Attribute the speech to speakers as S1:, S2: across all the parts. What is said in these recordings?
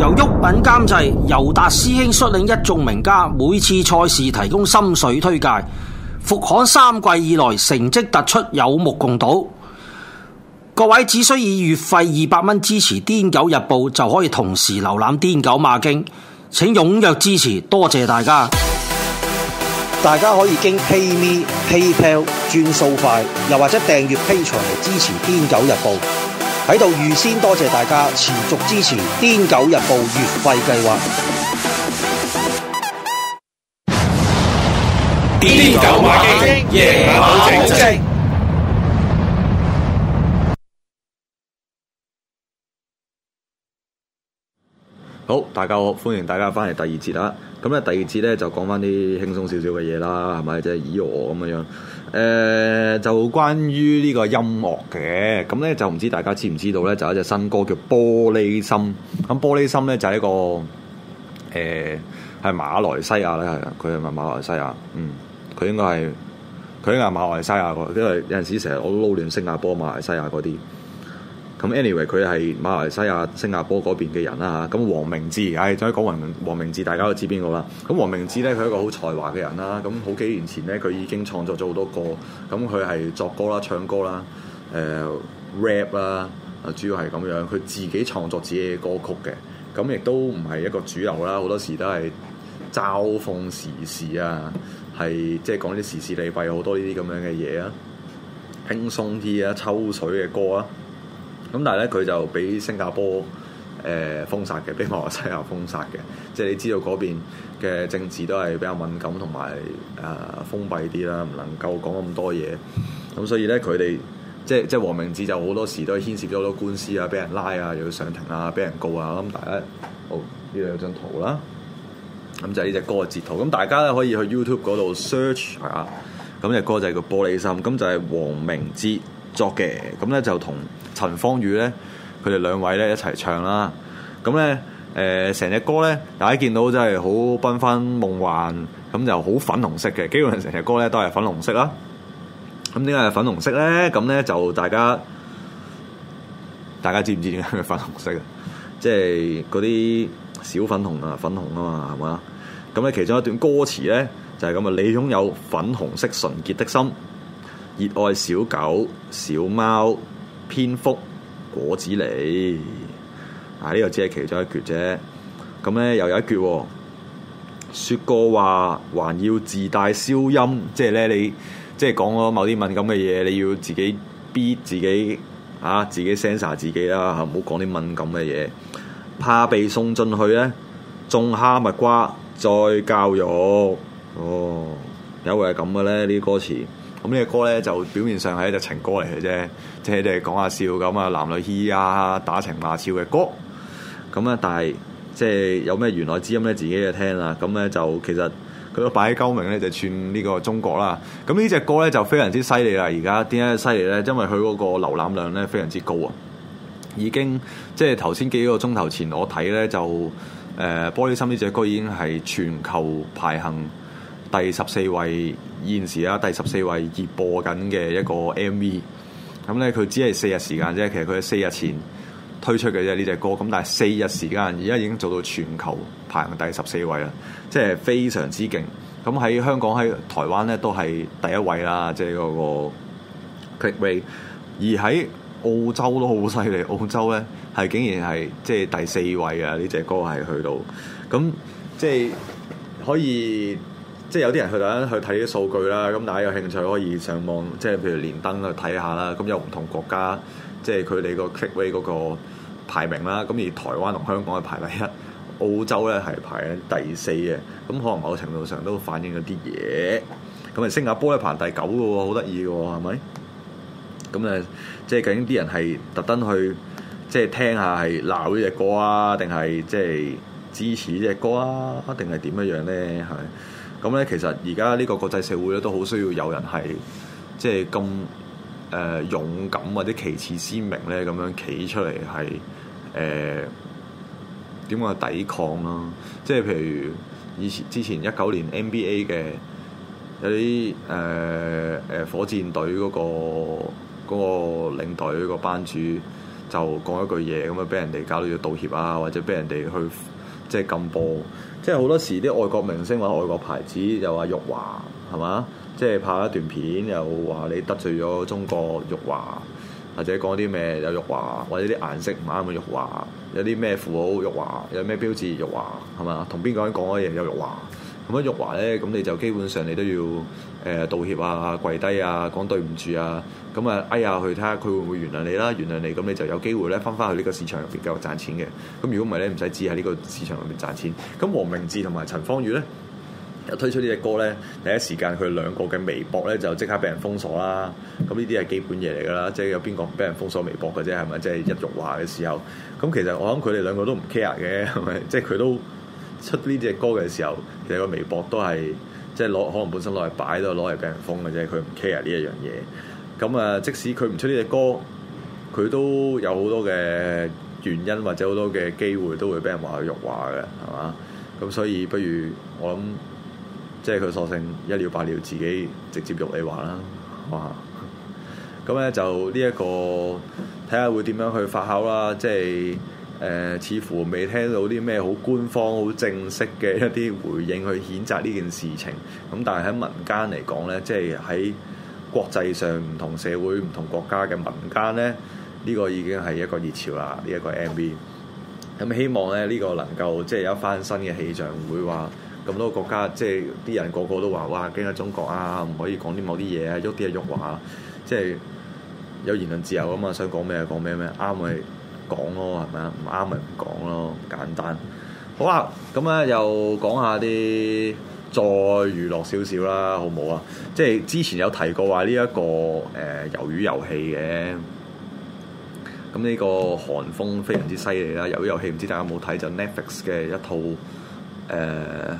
S1: 由玉品監製，尤達師兄率領一眾名家，每次賽事提供心水推介。復刊三季以來成績突出，有目共睹。各位只需以月費二百蚊支持《癲狗日報》，就可以同時瀏覽《癲狗馬經》。請踊躍支持，多謝大家！大家可以經 PayMe、PayPal 轉數快，又或者訂閱 Patreon 嚟支持《癲狗日報》。喺度預先多謝大家持續支持《癲狗日報月費計劃》。癲狗馬經，夜馬靜靜。好，大家好，歡迎大家翻嚟第二節啦，咁咧第二節咧就講翻啲輕鬆少少嘅嘢啦，係咪即係？咦，我咁嘅樣。誒、呃、就關於呢個音樂嘅，咁咧就唔知大家知唔知道咧，就有一隻新歌叫玻璃心。咁玻璃心咧就係、是、一個誒，係、呃、馬來西亞啦，係啊，佢係咪馬來西亞？嗯，佢應該係佢應該係馬來西亞個，因為有陣時成日我撈亂新加坡、馬來西亞嗰啲。咁 anyway，佢係馬來西亞、新加坡嗰邊嘅人啦、啊。嚇咁，黃明志，唉，再講黃明黃明志，大家都知邊個啦。咁黃明志咧，佢係一個好才華嘅人啦。咁好幾年前咧，佢已經創作咗好多歌。咁佢係作歌啦、唱歌啦、誒、嗯、rap 啦，主要係咁樣。佢自己創作自己嘅歌曲嘅。咁亦都唔係一個主流啦。好多時都係嘲諷時事啊，係即係講啲時事利弊好多呢啲咁樣嘅嘢啊，輕鬆啲啊，抽水嘅歌啊。咁但係咧，佢就俾新加坡誒、呃、封殺嘅，俾馬來西亞封殺嘅。即係你知道嗰邊嘅政治都係比較敏感同埋誒封閉啲啦，唔能夠講咁多嘢。咁所以咧，佢哋即係即係黃明志就好多時都牽涉咗好多官司啊，俾人拉啊，又要上庭啊，俾人告啊。咁大家好呢度、哦、有張圖啦。咁就係呢隻歌嘅截圖。咁大家咧可以去 YouTube 嗰度 search 啊。咁隻歌就係叫《玻璃心》，咁就係黃明志。作嘅。咁咧，就同陳芳語咧，佢哋兩位咧，一齊唱啦，咁咧誒，成隻歌咧，大家見到真係好繽紛夢幻，咁就好粉紅色嘅，基本上成隻歌咧都係粉紅色啦。咁點解係粉紅色咧？咁咧，就大家大家知唔知點解佢粉紅色啊？即係嗰啲小粉紅啊，粉紅啊嘛，係嘛？咁咧，其中一段歌詞咧就係咁啊，你擁有粉紅色純潔的心。熱愛小狗、小貓、蝙蝠、果子狸，啊呢個只係其中一橛啫。咁呢又有一橛，啊，雪說過話還要自帶消音，即、就、係、是、呢，你即係講咗某啲敏感嘅嘢，你要自己逼自己啊，自己 sensor 自己啦，吓唔好講啲敏感嘅嘢，怕被送進去呢，種哈密瓜再教育，哦，有冇係咁嘅呢啲歌詞。咁、嗯這個、呢隻歌咧就表面上係一隻情歌嚟嘅啫，即係講下笑咁啊，男女嘻啊，打情罵俏嘅歌。咁、嗯、咧，但係即係有咩弦外之音咧，自己就聽啦。咁、嗯、咧就其實佢都擺喺鳩明咧，就串呢個中國啦。咁、嗯這個、呢隻歌咧就非常之犀利啦。而家點解犀利咧？因為佢嗰個瀏覽量咧非常之高啊，已經即係頭先幾個鐘頭前我睇咧就誒，玻璃心呢隻歌已經係全球排行。第十四位，現時啊，第十四位熱播緊嘅一個 MV，咁咧佢只係四日時間啫。其實佢係四日前推出嘅啫呢隻歌，咁但係四日時間而家已經做到全球排行第十四位啦，即係非常之勁。咁喺香港、喺台灣咧都係第一位啦，即係嗰個 Clickbait。而喺澳洲都好犀利，澳洲咧係竟然係即係第四位啊！呢隻歌係去到咁，即係可以。即係有啲人佢特登去睇啲數據啦，咁大家有興趣可以上網，即係譬如連登去睇下啦。咁有唔同國家，即係佢哋個 clickway 嗰個排名啦。咁而台灣同香港係排第一，澳洲咧係排第四嘅。咁可能某程度上都反映咗啲嘢。咁啊，新加坡咧排第九嘅喎，好得意嘅喎，係咪？咁啊，即係究竟啲人係特登去即係聽下係鬧呢隻歌啊，定係即係支持呢隻歌啊，定係點樣樣咧？係。咁咧，其實而家呢個國際社會咧，都好需要有人係即係咁誒勇敢或者旗幟鮮明咧，咁樣企出嚟係誒點樣去抵抗啦、啊！即係譬如以前之前一九年 NBA 嘅有啲誒誒火箭隊嗰、嗰個嗰、嗰個領隊個班主就講一句嘢，咁啊俾人哋搞到要道歉啊，或者俾人哋去。即係禁播，即係好多時啲外國明星話外國牌子又話辱華，係嘛？即係拍一段片又話你得罪咗中國辱華，或者講啲咩有辱華，或者啲顏色唔啱嘅辱華，有啲咩符號辱華，有咩標誌辱華，係嘛？同邊個人講嘅嘢有辱華，咁樣辱華咧，咁你就基本上你都要。誒、呃、道歉啊，跪低啊，講對唔住啊，咁啊哎呀，去睇下佢會唔會原諒你啦，原諒你，咁你就有機會咧返返去呢個市場入邊繼續賺錢嘅。咁如果唔係咧，唔使止喺呢個市場入邊賺錢。咁黃、嗯、明志同埋陳芳語咧一推出呢隻歌咧，第一時間佢兩個嘅微博咧就即刻俾人封鎖啦。咁呢啲係基本嘢嚟㗎啦，即、就、係、是、有邊個唔俾人封鎖微博嘅啫，係咪？即、就、係、是、一辱華嘅時候。咁、嗯、其實我諗佢哋兩個都唔 care 嘅，係咪？即係佢都出呢隻歌嘅時候，其實個微博都係。即係攞，可能本身攞嚟擺都係攞嚟俾人封嘅啫，佢唔 care 呢一樣嘢。咁啊，即使佢唔出呢隻歌，佢都有好多嘅原因或者好多嘅機會都會俾人去話喎辱華嘅，係嘛？咁所以不如我諗，即係佢索性一了百了，自己直接辱你話啦，哇！咁咧就呢一個睇下會點樣去發酵啦，即係。誒、呃、似乎未聽到啲咩好官方、好正式嘅一啲回應去譴責呢件事情。咁但係喺民間嚟講呢，即係喺國際上唔同社會、唔同國家嘅民間呢，呢、這個已經係一個熱潮啦。呢、這、一個 MV，咁、嗯、希望咧呢、這個能夠即係有一番新嘅氣象，唔會話咁多國家即係啲人個個都話哇，驚下中國啊，唔可以講啲某啲嘢啊，喐啲啊喐話，即係有言論自由啊嘛，想講咩就講咩咩，啱咪？講咯，係咪啊？唔啱咪唔講咯，簡單。好啊，咁啊又講下啲再娛樂少少啦，好冇啊？即係之前有提過話呢一個誒、呃、魷魚遊戲嘅，咁呢個韓風非常之犀利啦。魷魚遊戲唔知大家有冇睇，就是、Netflix 嘅一套誒、呃、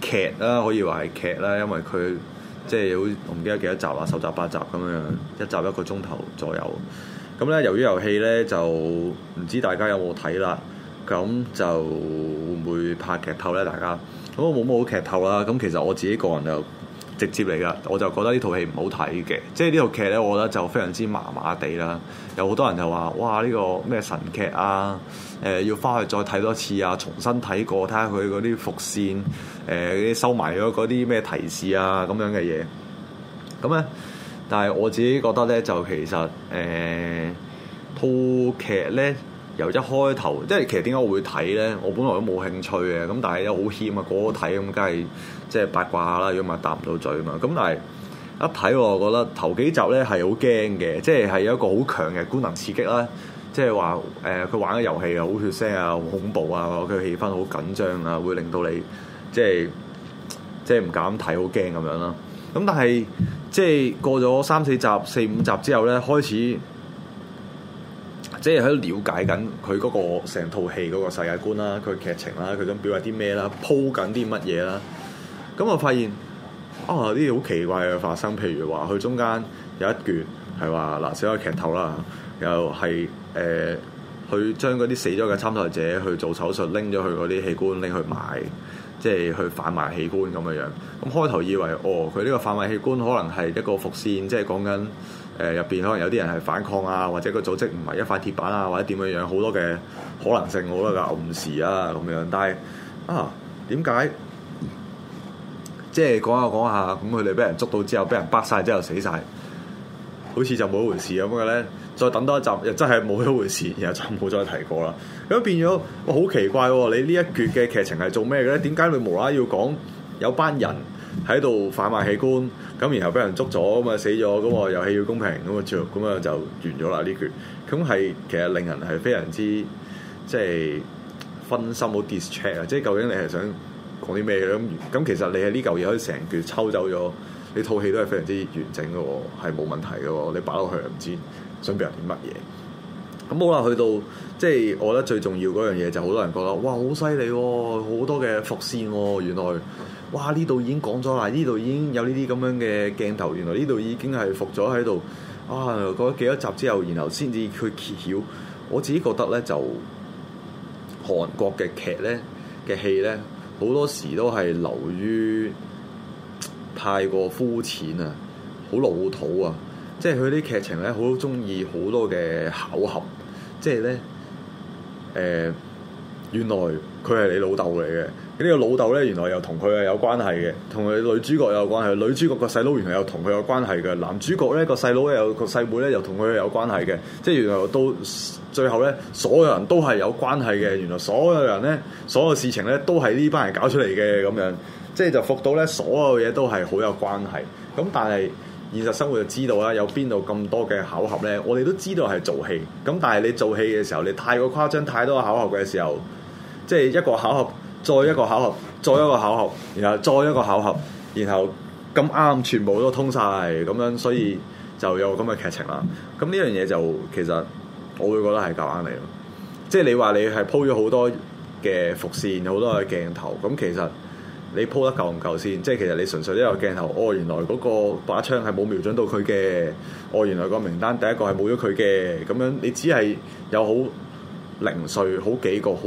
S1: 劇啦，可以話係劇啦，因為佢即係好我唔記得幾多集啊，十集八集咁樣，一集一個鐘頭左右。咁咧，由於遊戲咧就唔知大家有冇睇啦，咁就會唔會拍劇透咧？大家咁我冇冇劇透啦？咁其實我自己個人就直接嚟㗎，我就覺得呢套戲唔好睇嘅。即係呢套劇咧，我覺得就非常之麻麻地啦。有好多人就話：哇，呢個咩神劇啊？誒，要翻去再睇多次啊，重新睇過睇下佢嗰啲伏線，誒，收埋咗嗰啲咩提示啊咁樣嘅嘢。咁咧。但係我自己覺得咧，就其實誒、欸，套劇咧由一開頭，即係其實點解我會睇咧？我本來都冇興趣嘅，咁但係又好謙啊，個個睇咁，梗係即係八卦下啦，如果唔係答唔到嘴啊嘛。咁但係一睇我就覺得頭幾集咧係好驚嘅，即係係有一個好強嘅官能刺激啦，即係話誒，佢、呃、玩嘅遊戲啊，好血腥啊，好恐怖啊，佢氣氛好緊張啊，會令到你即係即係唔敢睇，好驚咁樣咯。咁但係即係過咗三四集，四五集之後咧，開始即係喺度了解緊佢嗰個成套戲嗰個世界觀啦，佢劇情啦，佢想表達啲咩啦，鋪緊啲乜嘢啦。咁我發現啊啲好奇怪嘅發生，譬如話佢中間有一段，係話嗱，小嘅劇透啦，又係誒，佢、呃、將嗰啲死咗嘅參賽者去做手術，拎咗佢嗰啲器官拎去賣。即係去販賣器官咁嘅樣，咁開頭以為哦，佢呢個販賣器官可能係一個伏線，即係講緊誒入邊可能有啲人係反抗啊，或者個組織唔係一塊鐵板啊，或者點樣樣好多嘅可能性，好多嘅暗示啊咁樣，但係啊點解即係講下講下咁佢哋俾人捉到之後，俾人剝晒之後，之後死晒，好似就冇回事咁嘅咧？再等多一集，就真係冇一回事，然後就冇再提過啦。咁變咗，我好奇怪喎、哦。你一呢一橛嘅劇情係做咩嘅咧？點解你無啦要講有班人喺度販賣器官，咁然後被人捉咗，咁啊死咗，咁啊遊戲要公平，咁啊咁啊就完咗啦呢橛。咁係其實令人係非常之即係分心好 distract 啊！Check，即係究竟你係想講啲咩咧？咁咁其實你係呢嚿嘢，可以成橛抽走咗，你套戲都係非常之完整嘅喎，係冇問題嘅喎。你擺落去唔知。準備係啲乜嘢？咁好啦，去到即係、就是、我覺得最重要嗰樣嘢，就好、是、多人覺得哇，好犀利喎，好多嘅伏線喎、哦。原來哇，呢度已經講咗啦，呢度已經有呢啲咁樣嘅鏡頭，原來呢度已經係伏咗喺度。啊，過幾多集之後，然後先至去揭曉。我自己覺得咧，就韓國嘅劇咧嘅戲咧，好多時都係流於太過膚淺啊，好老土啊。即係佢啲劇情咧，好中意好多嘅巧合，即係咧，誒、呃，原來佢係你老豆嚟嘅，呢、這個老豆咧，原來又同佢係有關係嘅，同佢女主角有關係，女主角個細佬原來又同佢有關係嘅，男主角咧個細佬咧又個細妹咧又同佢有關係嘅，即係原來到最後咧，所有人都係有關係嘅，原來所有人咧，所有事情咧都係呢班人搞出嚟嘅咁樣，即係就復到咧，所有嘢都係好有關係，咁但係。現實生活就知道啦，有邊度咁多嘅巧合呢？我哋都知道係做戲，咁但係你做戲嘅時候，你太過誇張，太多巧合嘅時候，即係一個巧合，再一個巧合，再一個，再一個巧合，然後再一個巧合，然後咁啱全部都通晒，咁樣，所以就有咁嘅劇情啦。咁呢樣嘢就其實我會覺得係夾硬嚟咯，即係你話你係鋪咗好多嘅伏線，好多嘅鏡頭，咁其實。你鋪得夠唔夠先？即係其實你純粹一個鏡頭，哦，原來嗰個把槍係冇瞄準到佢嘅，哦，原來個名單第一個係冇咗佢嘅，咁樣你只係有好零碎、好幾個、好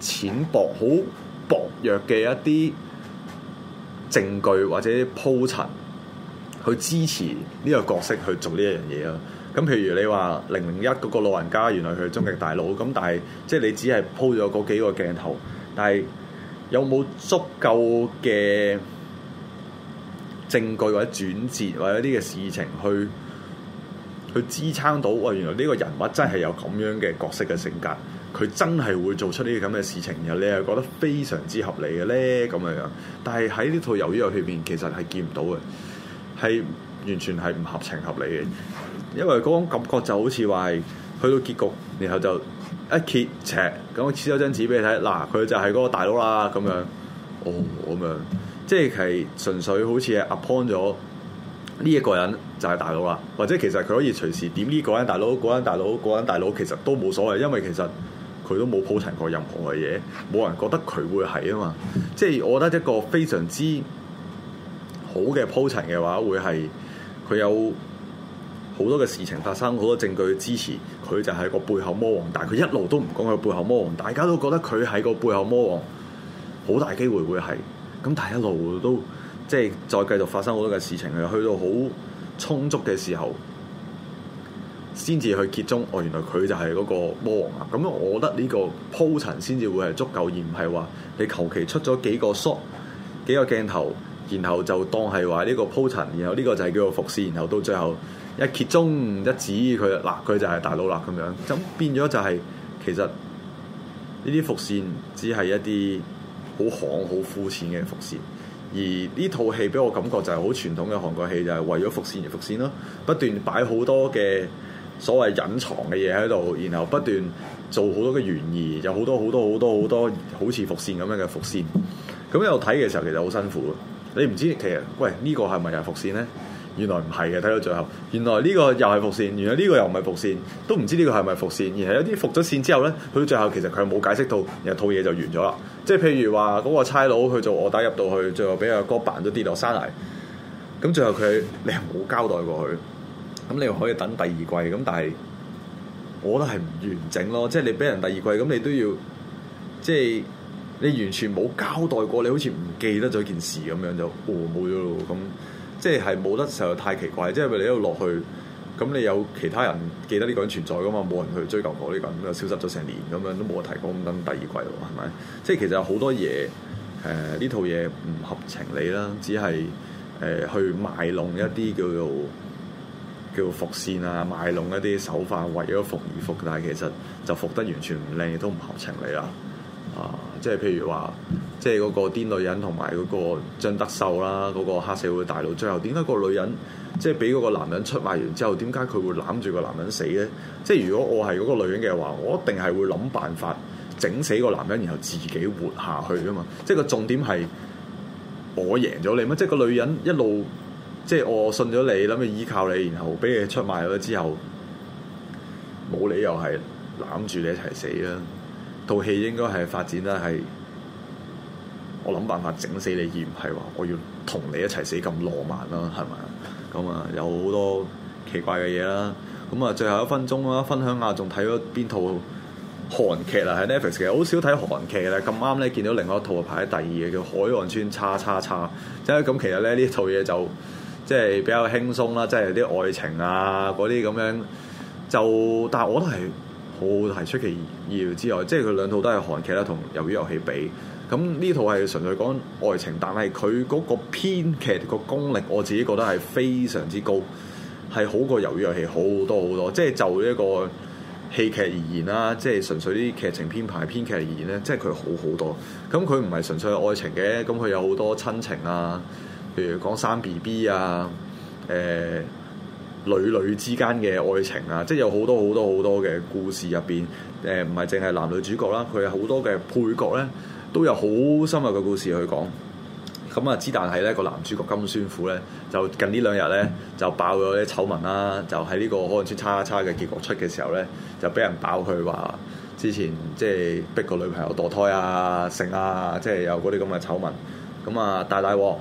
S1: 淺薄、好薄弱嘅一啲證據或者鋪陳去支持呢個角色去做呢一樣嘢咯。咁譬如你話零零一嗰個老人家，原來佢係終極大佬，咁但係即係你只係鋪咗嗰幾個鏡頭，但係。有冇足夠嘅證據或者轉折或者呢個事情去去支撐到？哇！原來呢個人物真係有咁樣嘅角色嘅性格，佢真係會做出呢啲咁嘅事情，然後你又覺得非常之合理嘅咧咁嘅樣。但係喺呢套《魷魚遊戲》入面，其實係見唔到嘅，係完全係唔合情合理嘅，因為嗰種感覺就好似話。去到結局，然後就一揭尺咁撕咗張紙俾你睇，嗱，佢就係嗰個大佬啦咁樣，哦咁樣，即係純粹好似係 appoint 咗呢一個人就係大佬啦，或者其實佢可以隨時點呢個人大佬、嗰個大佬、嗰個大佬，其實都冇所謂，因為其實佢都冇鋪陳過任何嘅嘢，冇人覺得佢會係啊嘛。即係我覺得一個非常之好嘅鋪陳嘅話，會係佢有好多嘅事情發生，好多證據支持。佢就係個背後魔王，但係佢一路都唔講佢背後魔王，大家都覺得佢係個背後魔王，好大機會會係，咁但係一路都即係再繼續發生好多嘅事情，去到好充足嘅時候，先至去揭盅。哦，原來佢就係嗰個魔王啊！咁、嗯、我覺得呢個鋪陳先至會係足夠，而唔係話你求其出咗幾個 shot 幾個鏡頭，然後就當係話呢個鋪陳，然後呢個就係叫做伏線，然後到最後。一揭盅一指佢，嗱，佢就係大佬啦，咁樣，咁變咗就係、是、其實呢啲伏線只係一啲好行好膚淺嘅伏線，而呢套戲俾我感覺就係好傳統嘅韓國戲，就係、是、為咗伏線而伏線咯，不斷擺好多嘅所謂隱藏嘅嘢喺度，然後不斷做好多嘅懸疑，有多多多多好多好多好多好多好似伏線咁樣嘅伏線，咁喺度睇嘅時候其實好辛苦，你唔知其實喂呢、這個係咪又係伏線咧？原來唔係嘅，睇到最後，原來呢個又係伏線，原來呢個又唔係伏線，都唔知呢個係咪伏線。然後有啲伏咗線之後咧，去到最後其實佢冇解釋到，然後套嘢就完咗啦。即係譬如話嗰、那個差佬去做臥底入到去，最後俾阿哥，哥扮咗跌落山崖，咁最後佢你係冇交代過佢，咁你又可以等第二季咁，但係我覺得係唔完整咯。即係你俾人第二季，咁你都要即係你完全冇交代過，你好似唔記得咗件事咁樣就哦冇咗咯咁。即係冇得實在太奇怪，即係你一路落去，咁你有其他人記得呢個人存在噶嘛？冇人去追究過呢個人消失咗成年咁樣都冇人提過，咁等第二季喎，係咪？即係其實有好多嘢，誒、呃、呢套嘢唔合情理啦，只係誒、呃、去賣弄一啲叫做叫做伏線啊，賣弄一啲手法，為咗伏而伏，但係其實就伏得完全唔靚，亦都唔合情理啦，啊！即係譬如話，即係嗰個癲女人同埋嗰個張德秀啦，嗰個黑社會大佬。最後點解個女人即係俾嗰個男人出賣完之後，點解佢會攬住個男人死咧？即係如果我係嗰個女人嘅話，我一定係會諗辦法整死個男人，然後自己活下去啊嘛！即係個重點係我贏咗你咩？即係個女人一路即係我信咗你，諗住依靠你，然後俾你出賣咗之後，冇理由係攬住你一齊死啊！套戲應該係發展咧係，我諗辦法整死你，而唔係話我要同你一齊死咁浪漫啦，係咪啊？咁啊有好多奇怪嘅嘢啦，咁啊最後一分鐘啦，分享下仲睇咗邊套韓劇啊？喺 Netflix 其實好少睇韓劇咧，咁啱咧見到另外一套排喺第二嘅叫《海岸村叉叉叉》，即係咁其實咧呢套嘢就即係比較輕鬆啦，即係有啲愛情啊嗰啲咁樣，就但係我都係。好好係出奇意料之外，即係佢兩套都係韓劇啦，同《魷魚遊戲》比，咁呢套係純粹講愛情，但係佢嗰個編劇個功力，我自己覺得係非常之高，係好過《魷魚遊戲》好多好多。即係就一個戲劇而言啦，即係純粹啲劇情編排、編劇而言咧，即係佢好好多。咁佢唔係純粹愛情嘅，咁佢有好多親情啊，譬如講生 B B 啊，誒、呃。女女之間嘅愛情啊，即係有好多好多好多嘅故事入邊，誒唔係淨係男女主角啦，佢有好多嘅配角咧，都有好深入嘅故事去講。咁、嗯、啊，之但係咧個男主角金宣虎咧，就近呢兩日咧就爆咗啲醜聞啦，就喺呢個可能出叉叉嘅結果出嘅時候咧，就俾人爆佢話之前即係逼個女朋友墮胎啊、性啊，即係有嗰啲咁嘅醜聞，咁、嗯、啊大大鑊。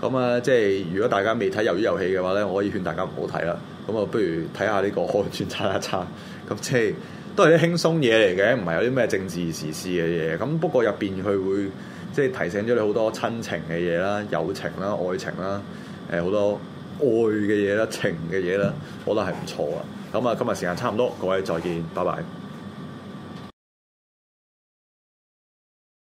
S1: 咁啊，即係如果大家未睇《魷魚遊戲》嘅話咧，我可以勸大家唔好睇啦。咁啊，不如睇下呢個《看穿擦擦擦》就是。咁即係都係啲輕鬆嘢嚟嘅，唔係有啲咩政治時事嘅嘢。咁不過入邊佢會即係提醒咗你好多親情嘅嘢啦、友情啦、愛情啦、誒好多愛嘅嘢啦、情嘅嘢啦，我覺得係唔錯啊。咁啊，今日時間差唔多，各位再見，拜拜。